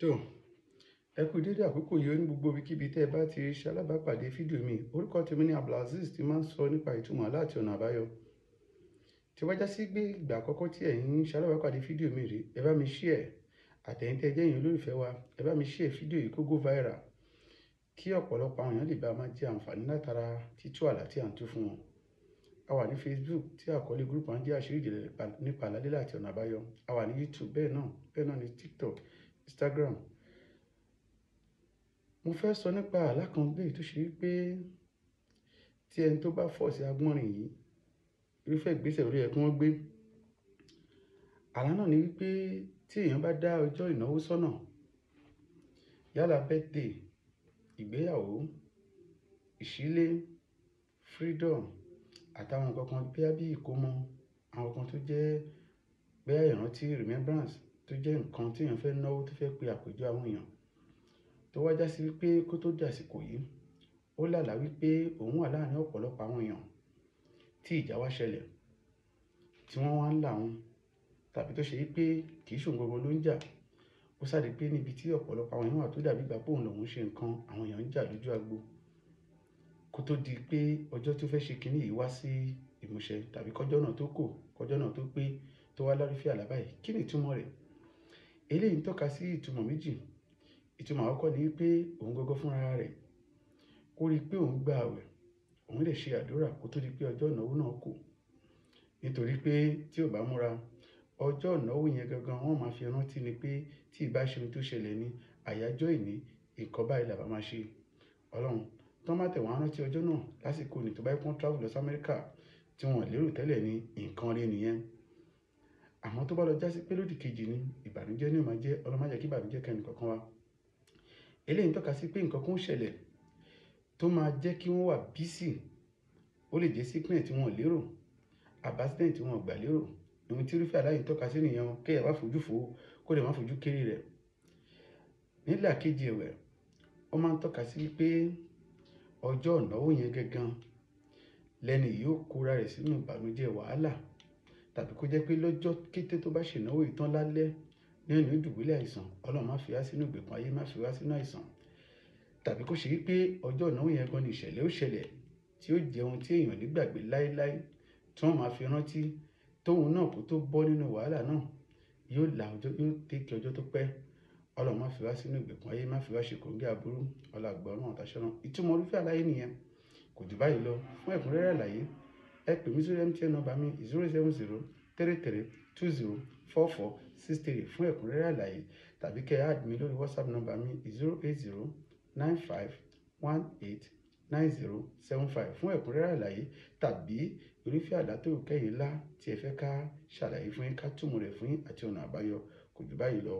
tó ẹ kú dédé àkókò yìí ó ní gbogbo ibikíbi tẹ́ ẹ bá ti ṣe alábàápàdé fídíò mi orúkọ tèmi ní Abdulazeez ti máa ń sọ nípa ìtumọ̀ láti ọ̀nà àbáyọ tí wọ́n já sí gbé ìgbà àkọ́kọ́ tí ẹ̀yin ṣe alábàápàdé fídíò mi rèé ẹ bá mi share àtẹ̀yìntẹ́ jẹ́yìn olólùfẹ́ wa ẹ bá mi share fídíò yìí kó go viral kí ọ̀pọ̀lọpọ̀ àwọn èèyàn lè bá máa jẹ àǹfààní látara a wà ní facebook tí àkọlé group à ń jẹ́ àṣírí ìjìnlẹ̀ nípa àlá lílà àti ọ̀nà àbáyọ a wà ní youtube bẹ́ẹ̀ náà bẹ́ẹ̀ náà ní tiktok Instagram. Mo fẹ́ sọ nípa àlá kan léyìí tó ṣe wípé tí ẹni tó bá fọ̀ sí agbọ́nrin yìí, irúfẹ́ ìgbésẹ̀ wo ló yẹ kí wọ́n gbé. Àlá náà ni wípé tí èèyàn bá dá ọjọ́ ìnáwó sọ́nà, yálà birthday, ìgbéyàwó, ìṣílé, freedom àtàwọn nǹkan kan bóyá bí ìkómọ, àwọn nǹkan tó jẹ́ bóyá ìrántí remembrance tó jẹ́ nǹkan tí èèyàn fẹ́ náwó tó fẹ́ pe àpèjọ àwọn èèyàn tó wá já sí wípé kó tó di àsìkò yìí ó lálàá wípé òun wà láàrin ọ̀pọ̀lọpọ̀ àwọn èèyàn tí ìjà wá ṣẹlẹ̀ tí wọ́n wá ń là wọn tàbí tó ṣe wípé kì í ṣòun gbogbo ló ń jà ó sáré pé níbi tí ọ̀pọ̀lọpọ̀ àwọn èèyàn wà tó dàbí ìgbà pòun lòun ṣe nǹkan àwọn èèyàn ń jà lójú agbo kó tó di pé ọjọ́ tó fẹ́ ṣe kinní yìí wá sí ìmúṣẹ tàbí kọjọ́ náà tó kò kọjọ́ náà tó pé tó wá lárúfẹ́ àlábáyé kí ni ìtumọ̀ rẹ̀ eléyìí ń tọ́ka sí ìtumọ̀ méjì ìtumọ̀ àkọ́kọ́ ni pé òun gọ́gọ́ fúnra rẹ̀ ó rí i pé òun gba àwẹ̀ òun lè ṣe àdúrà kó tó di pé ọjọ́ ìnáwó náà kù nítorí pé tí ò bá múra ọjọ́ ìnáwó yẹn gangan wọ́n máa fi rántí ni pé tí ìbá tó ṣẹlẹ̀ ní àyájọ́ ìní nǹkan báyìí làbá ṣe ọlọ́run tán bá tẹ̀ rántí ọjọ́ náà lásìkò ní tó bá yẹ kó ń travel lọ sí amẹ́ríkà tí wọ́n lérò tẹ́lẹ̀ ní nǹkan rí nìyẹn àmọ́ tó bá lọ jásí pé lódì kejì ni ìbànújẹ́ ni ó máa jẹ́ ọlọ́run má jẹ́ kí ìbànújẹ́ kan nìkankan wá eléyìí tọ́ka sí pé nǹkan kan ṣẹlẹ̀ tó máa jẹ́ kí wọ́n wà bísì ó lè jẹ́ sickness tí wọ́n lérò accident tí wọ́n gbà lérò ohun tí irúfẹ́ aláìní tọ́ka sí nìyẹn wọn kéèyàn wá fojú fò ó kó lè má fojú kéré rẹ̀ nílà kejì ẹ̀wẹ̀ ó máa ń tọ́ka sí pé ọjọ́ ìnáwó yẹn gangan lẹ́ni yóò kóra rẹ̀ sínú ìbànújẹ́ wàhálà tàbí kó jẹ́ pé lọ́jọ́ kété tó bá ṣènáwó ìtàn lálẹ́ náà ní ìdùbúlẹ̀ àìsàn ọlọ́run má fi wá sínú ìgbèkùn ayé má fi wá sínú àìsàn tàbí kó ṣe é pé ọjọ́ ìnáwó yẹn gan ni ìṣẹ̀lẹ̀ ó ṣẹlẹ̀ tí ó jẹ́ ohun tí èèyàn nígbàgbé láéláé tí wọ́n máa fi rántí tóun náà kó tó bọ́ nínú wàhálà náà yóò la ọjọ́ yóò tẹ́kì ọjọ́ tó pẹ́ ọlọ́run má fi wá sínú ìgbèkùn ayé má fi wá ṣe kò ẹ pè mí sórí mtn nọ́mbà mi zero seven zero three three two zero four four six three fún ẹ̀kúnrẹ́rẹ́ àlàyé tàbí kẹ́ add mi lórí whatsapp number mi zero eight zero nine five one eight nine zero seven five fún ẹ̀kúnrẹ́rẹ́ àlàyé tàbí irúfẹ́ àlá tó kẹ́yìn lá tí ẹ fẹ́ ká ṣàlàyé fún yín ká túmọ̀ rẹ̀ fún yín àti ọ̀nà àbáyọ kò jù báyìí lọ.